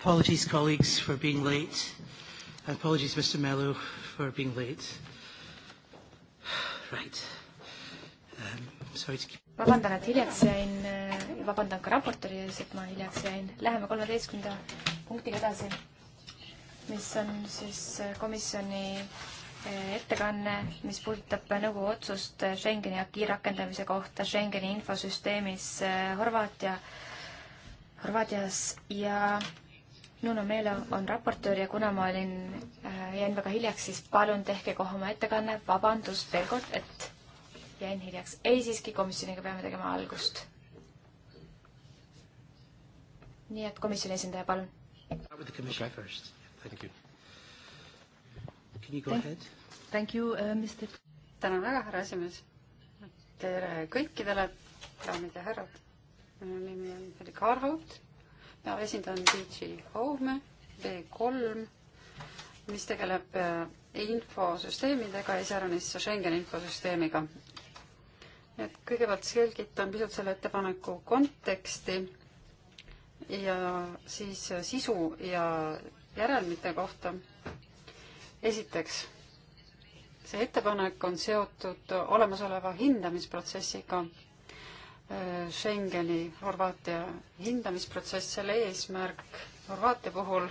Apologies, colleagues, for being late. And apologies, Mr. Mello, for being late. Right. Um, sorry to keep... vabandan, et hiljaks jäin, äh, vabandan ka raportööri ees, et ma hiljaks jäin. Läheme kolmeteistkümnenda punktiga edasi, mis on siis äh, komisjoni äh, ettekanne, mis puudutab nõukogu otsust Schengeni aki rakendamise kohta Schengeni infosüsteemis Horvaatia, Horvaatias ja Nuno Meelo on raportöör ja kuna ma olin äh,, jäin väga hiljaks, siis palun tehke kohe oma ettekanne, vabandust veel kord, et jäin hiljaks. ei, siiski komisjoniga peame tegema algust. nii et komisjoni esindaja, palun. Thank you uh,, Mr. tänan väga, härra esimees. tere kõikidele, daamid ja härrad. minu nimi on Helika Arhaut ja esindan DG Home D3, mis tegeleb äh, infosüsteemidega, iseäranis Schengeni infosüsteemiga. et kõigepealt selgitan pisut selle ettepaneku konteksti ja siis sisu ja järelmite kohta. esiteks, see ettepanek on seotud olemasoleva hindamisprotsessiga Äh, Schengeni Horvaatia hindamisprotsess, selle eesmärk Horvaatia puhul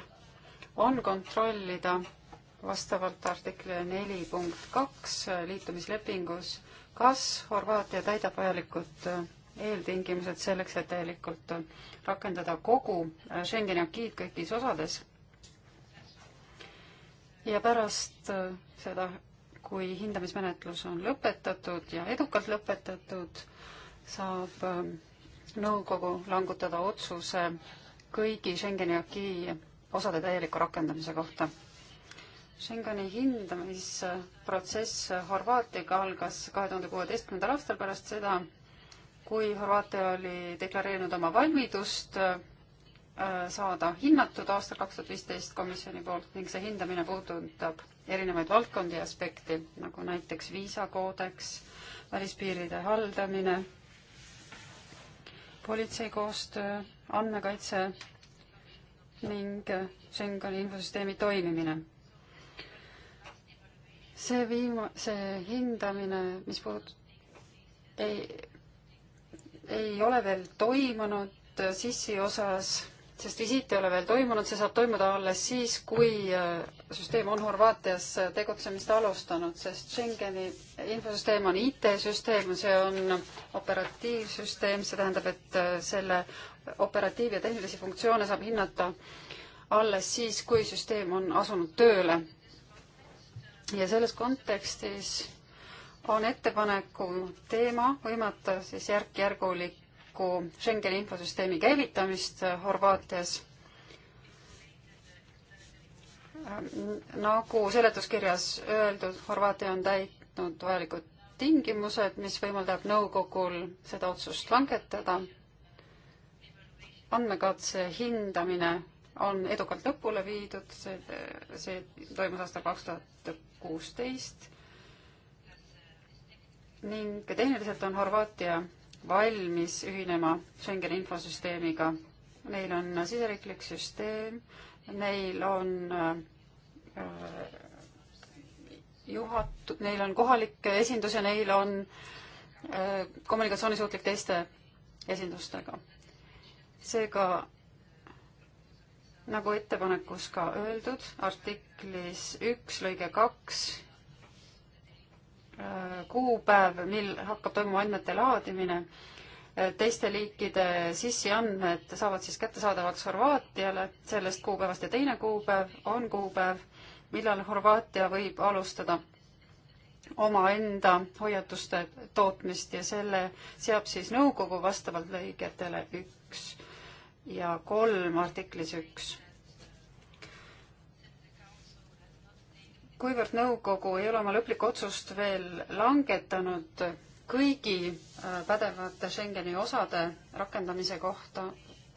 on kontrollida vastavalt artikli neli punkt kaks äh, liitumislepingus, kas Horvaatia täidab vajalikud äh, eeltingimused selleks, et täielikult rakendada kogu Schengeni akiid kõigis osades. ja pärast seda, kui hindamismenetlus on lõpetatud ja edukalt lõpetatud, saab ähm, nõukogu langutada otsuse kõigi Schengeni aki osade täieliku rakendamise kohta. Schengeni hindamisprotsess Horvaatiaga algas kahe tuhande kuueteistkümnendal aastal pärast seda, kui Horvaatia oli deklareerinud oma valmidust äh, saada hinnatud aastal kaks tuhat viisteist komisjoni poolt ning see hindamine puudutab erinevaid valdkondi ja aspekti, nagu näiteks viisakoodeks, välispiiride haldamine, politsei koostöö, andmekaitse ning Schengeni infosüsteemi toimimine. see viima-, see hindamine, mis puudut-, ei, ei ole veel toimunud sissi osas sest visiit ei ole veel toimunud, see saab toimuda alles siis, kui äh, süsteem on Horvaatias äh, tegutsemist alustanud, sest Schengeni infosüsteem on IT-süsteem, see on operatiivsüsteem, see tähendab, et äh, selle operatiiv- ja tehnilisi funktsioone saab hinnata alles siis, kui süsteem on asunud tööle. ja selles kontekstis on ettepaneku teema võimata siis järk-järgulik ettepaneku Schengeni infosüsteemi käivitamist äh, Horvaatias. Ähm, nagu seletuskirjas öeldud, Horvaatia on täitnud vajalikud tingimused, mis võimaldab nõukogul seda otsust langetada. andmekatse hindamine on edukalt lõpule viidud, see, see toimus aastal kaks tuhat kuusteist ning tehniliselt on Horvaatia valmis ühinema Schengeni infosüsteemiga. meil on siseriiklik süsteem, neil on äh, juhat-, neil on kohalik esindus ja neil on äh, kommunikatsioonisuutlik teiste esindustega. seega nagu ettepanekus ka öeldud, artiklis üks lõige kaks kuupäev, mil hakkab toimuma andmete laadimine. teiste liikide sissiandmed saavad siis kättesaadavaks Horvaatiale sellest kuupäevast ja teine kuupäev on kuupäev, millal Horvaatia võib alustada omaenda hoiatuste tootmist ja selle seab siis nõukogu vastavalt lõigetele üks ja kolm artiklis üks kuivõrd nõukogu ei ole oma lõplikku otsust veel langetanud kõigi äh, pädevate Schengeni osade rakendamise kohta,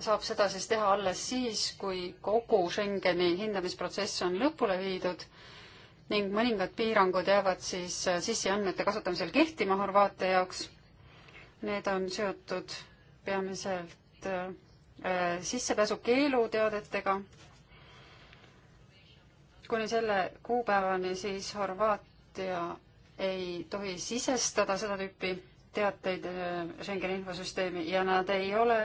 saab seda siis teha alles siis, kui kogu Schengeni hindamisprotsess on lõpule viidud ning mõningad piirangud jäävad siis äh, sissiandmete kasutamisel kehtima Horvaatia jaoks. Need on seotud peamiselt äh, sissepääsukeelu teadetega kuni selle kuupäevani siis Horvaatia ei tohi sisestada seda tüüpi teateid äh, Schengeni infosüsteemi ja nad ei ole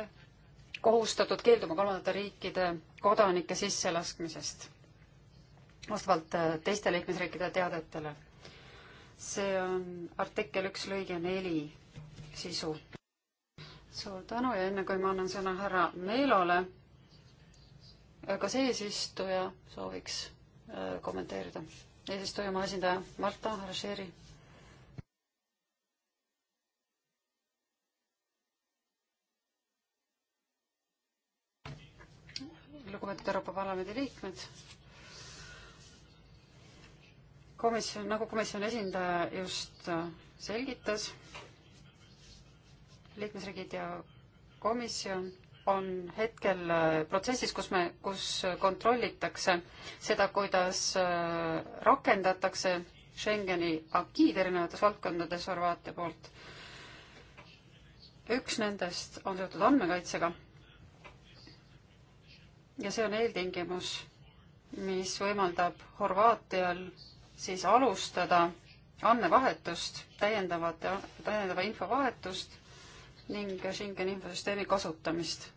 kohustatud keelduma kolmandate riikide kodanike sisselaskmisest vastavalt äh, teiste liikmesriikide teadetele. see on artikkel üks lõige neli sisu. suur tänu ja enne kui ma annan sõna härra Meelole, äh, kas eesistuja sooviks Äh, kommenteerida. eesistuja, oma esindaja Marta Rašeeri. lugupeetud Euroopa Parlamendi liikmed. komisjon, nagu komisjoni esindaja just äh, selgitas, liikmesriigid ja komisjon on hetkel äh, protsessis, kus me, kus kontrollitakse seda, kuidas äh, rakendatakse Schengeni akiid erinevates valdkondades Horvaatia poolt. üks nendest on seotud andmekaitsega. ja see on eeltingimus, mis võimaldab Horvaatial siis alustada andmevahetust, täiendavate, täiendava infovahetust ning Schengeni infosüsteemi kasutamist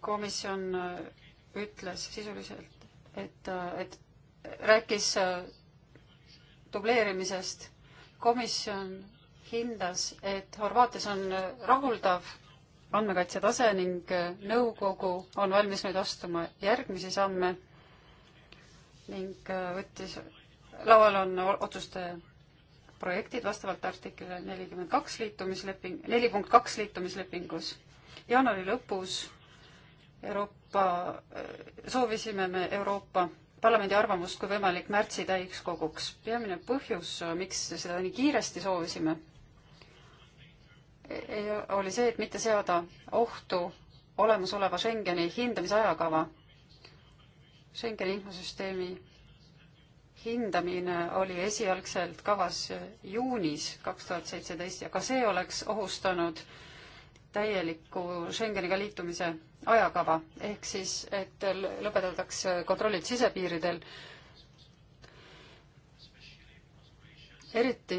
komisjon äh, ütles sisuliselt, et, äh, et rääkis äh, dubleerimisest. komisjon hindas, et Horvaatias on rahuldav andmekaitse tase ning nõukogu on valmis nüüd astuma järgmisi samme ning võttis, laual on otsuste projektid vastavalt artiklile nelikümmend kaks liitumisleping, neli punkt kaks liitumislepingus. jaanuari lõpus Euroopa, äh, soovisime me Euroopa Parlamendi arvamust kui võimalik märtsi täiskoguks. peamine põhjus, äh, miks seda nii kiiresti soovisime, e-, oli see, et mitte seada ohtu olemasoleva Schengeni hindamise ajakava. Schengeni infosüsteemi hindamine oli esialgselt kavas juunis kaks tuhat seitseteist ja ka see oleks ohustanud äh, täielikku Schengeniga liitumise ajakava, ehk siis, et lõpetatakse kontrollid sisepiiridel. eriti,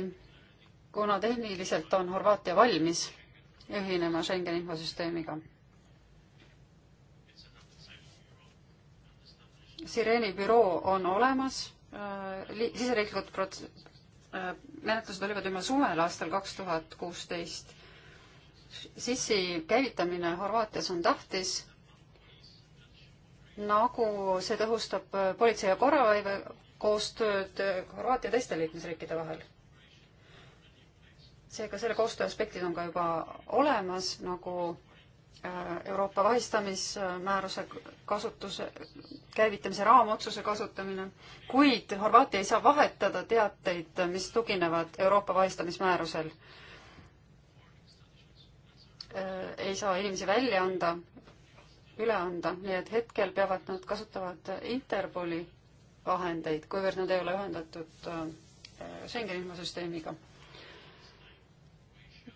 kuna tehniliselt on Horvaatia valmis ühinema Schengeni infosüsteemiga. Sireeni büroo on olemas, äh, siseriiklikud prots-, äh, menetlused olid juba suvel aastal kaks tuhat kuusteist sissi käivitamine Horvaatias on tähtis, nagu see tõhustab politsei ja korraväe koostööd Horvaatia teiste liikmesriikide vahel. seega selle koostöö aspektid on ka juba olemas, nagu äh, Euroopa vahistamismääruse kasutuse, käivitamise raamotsuse kasutamine, kuid Horvaatia ei saa vahetada teateid, mis tuginevad Euroopa vahistamismäärusel Äh, ei saa inimesi välja anda, üle anda, nii et hetkel peavad nad kasutavad Interpoli vahendeid, kuivõrd nad ei ole ühendatud äh, Schengeni infosüsteemiga.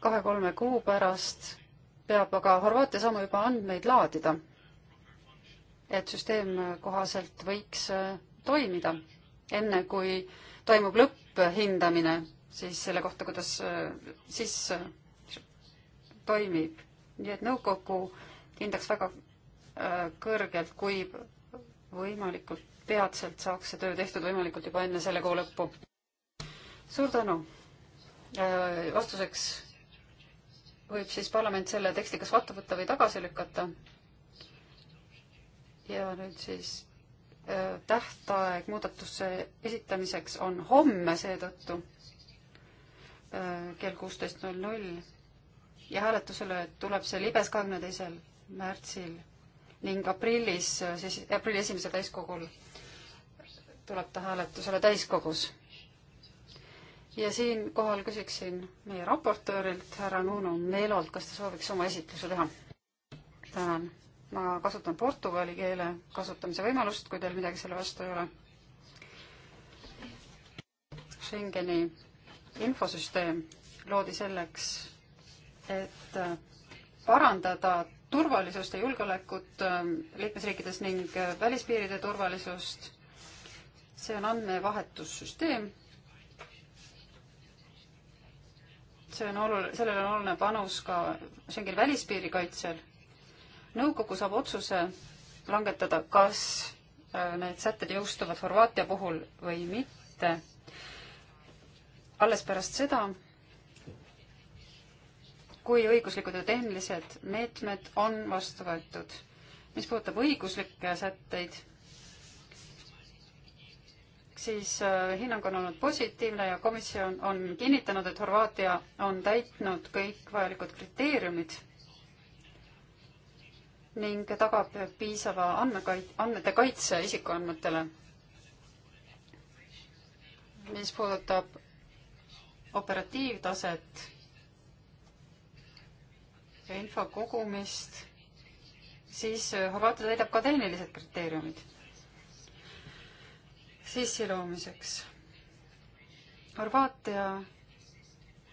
kahe-kolme kuu pärast peab aga Horvaatia saama juba andmeid laadida, et süsteem kohaselt võiks äh, toimida, enne kui toimub lõpphindamine siis selle kohta, kuidas siis toimib. nii et nõukogu hindaks väga äh, kõrgelt, kui võimalikult peatselt saaks see töö tehtud võimalikult juba enne selle kuu lõppu. suur tänu. Äh, vastuseks võib siis parlament selle teksti kas vastu võtta või tagasi lükata. ja nüüd siis äh, tähtaeg muudatuse esitamiseks on homme seetõttu kell kuusteist null null ja hääletusele tuleb see libes kahekümne teisel märtsil ning aprillis, siis aprilli esimesel täiskogul tuleb ta hääletusele täiskogus. ja siinkohal küsiksin meie raportöörilt, härra Nuno Meelolt, kas ta sooviks oma esitluse teha? tänan. ma kasutan portugali keele kasutamise võimalust, kui teil midagi selle vastu ei ole. Schengeni infosüsteem loodi selleks, et äh, parandada turvalisust ja julgeolekut äh, liikmesriikides ning äh, välispiiride turvalisust. see on andmevahetussüsteem. see on oluline, sellel on oluline panus ka Schengeni välispiiri kaitsel. nõukogu saab otsuse langetada, kas need sätted jõustuvad Horvaatia puhul või mitte. alles pärast seda kui õiguslikud ja tehnilised meetmed on vastu võetud. mis puudutab õiguslikke sätteid, siis äh, hinnang on olnud positiivne ja komisjon on kinnitanud, et Horvaatia on täitnud kõik vajalikud kriteeriumid ning tagab piisava andmekait-, andmete kaitse isikuandmetele. mis puudutab operatiivtaset ja info kogumist, siis äh, Horvaatia täidab ka tehnilised kriteeriumid sissi loomiseks. Horvaatia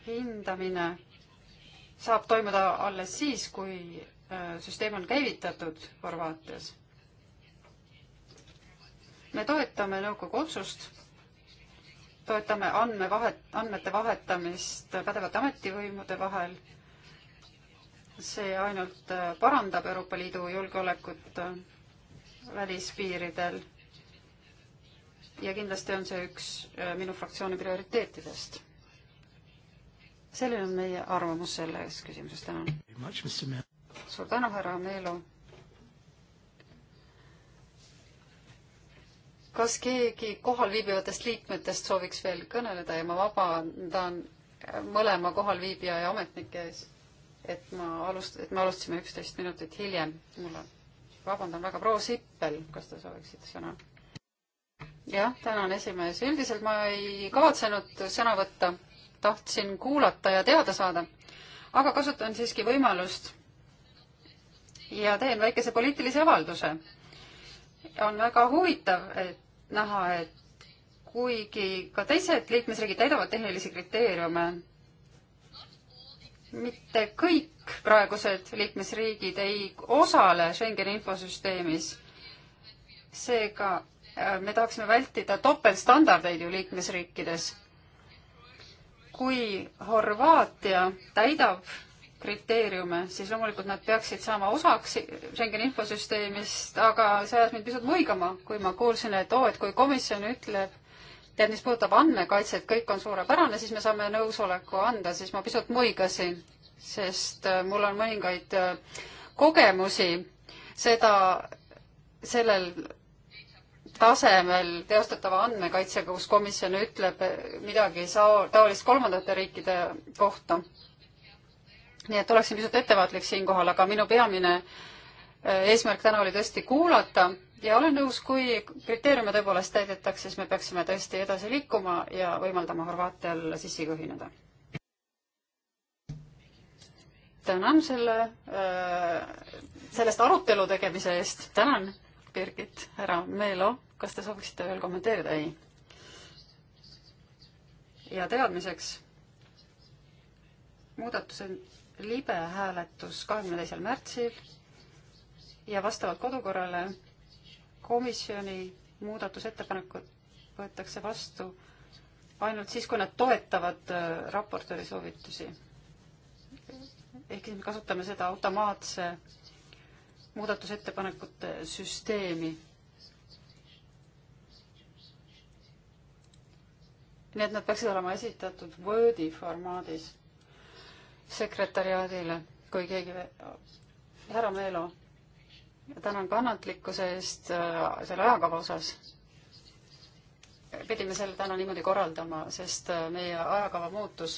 hindamine saab toimuda alles siis, kui äh, süsteem on käivitatud Horvaatias. me toetame nõukogu otsust toetame andmevahet, andmete vahetamist pädevate ametivõimude vahel see ainult äh, parandab Euroopa Liidu julgeolekut äh, välispiiridel. ja kindlasti on see üks äh, minu fraktsiooni prioriteetidest. selline on meie arvamus selles küsimuses, tänan. suur tänu, härra Meelo. kas keegi kohalviibivatest liikmetest sooviks veel kõneleda ja ma vabandan mõlema kohalviibija ja ametnike ees et ma alust-, et me alustasime üksteist minutit hiljem. mul on, vabandan väga, proua Sippel, kas te sooviksite sõna? jah, tänan, esimees. üldiselt ma ei kavatsenud sõna võtta, tahtsin kuulata ja teada saada, aga kasutan siiski võimalust ja teen väikese poliitilise avalduse. on väga huvitav, et näha, et kuigi ka teised liikmesriigid täidavad tehnilisi kriteeriume, mitte kõik praegused liikmesriigid ei osale Schengeni infosüsteemis. seega äh, me tahaksime vältida topeltstandardeid ju liikmesriikides. kui Horvaatia täidab kriteeriume, siis loomulikult nad peaksid saama osaks Schengeni infosüsteemist, aga see ajas mind pisut muigama, kui ma kuulsin, et oo, et kui komisjon ütleb, tead, mis puudutab andmekaitset, kõik on suurepärane, siis me saame nõusoleku anda, siis ma pisut muigasin, sest äh, mul on mõningaid äh, kogemusi seda, sellel tasemel teostatava andmekaitsega, kus komisjon ütleb äh, midagi taolist kolmandate riikide kohta. nii et oleksin pisut ettevaatlik siinkohal, aga minu peamine eesmärk täna oli tõesti kuulata ja olen nõus, kui kriteeriume tõepoolest täidetakse, siis me peaksime tõesti edasi liikuma ja võimaldama Horvaatial sisse ühineda. tänan selle, äh, sellest arutelu tegemise eest, tänan, Birgit, härra Meelo, kas te sooviksite veel kommenteerida? ei? ja teadmiseks, muudatused libe hääletus kahekümne teisel märtsil ja vastavalt kodukorrale komisjoni muudatusettepanekud võetakse vastu ainult siis, kui nad toetavad äh, raportööri soovitusi. ehk siis me kasutame seda automaatse muudatusettepanekute süsteemi. nii et nad peaksid olema esitatud Wordi formaadis sekretäriaadile, kui keegi, härra Meelo ja tänan kannatlikkuse eest äh, selle ajakava osas. pidime selle täna niimoodi korraldama, sest äh, meie ajakava muutus.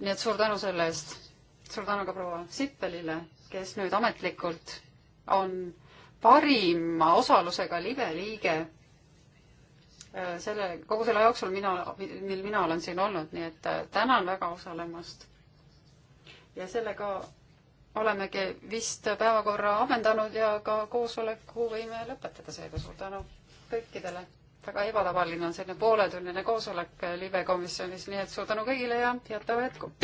nii et suur tänu selle eest. suur tänu ka proua Sippelile, kes nüüd ametlikult on parima osalusega libe liige äh, selle, kogu selle jooksul mina, mil mina olen siin olnud, nii et tänan väga osalemast. ja sellega olemegi vist päevakorra ammendanud ja ka koosoleku võime lõpetada seega. suur tänu kõikidele. väga ebatavaline on selline pooletunnine koosolek libekomisjonis, nii et suur tänu kõigile ja head päeva jätku!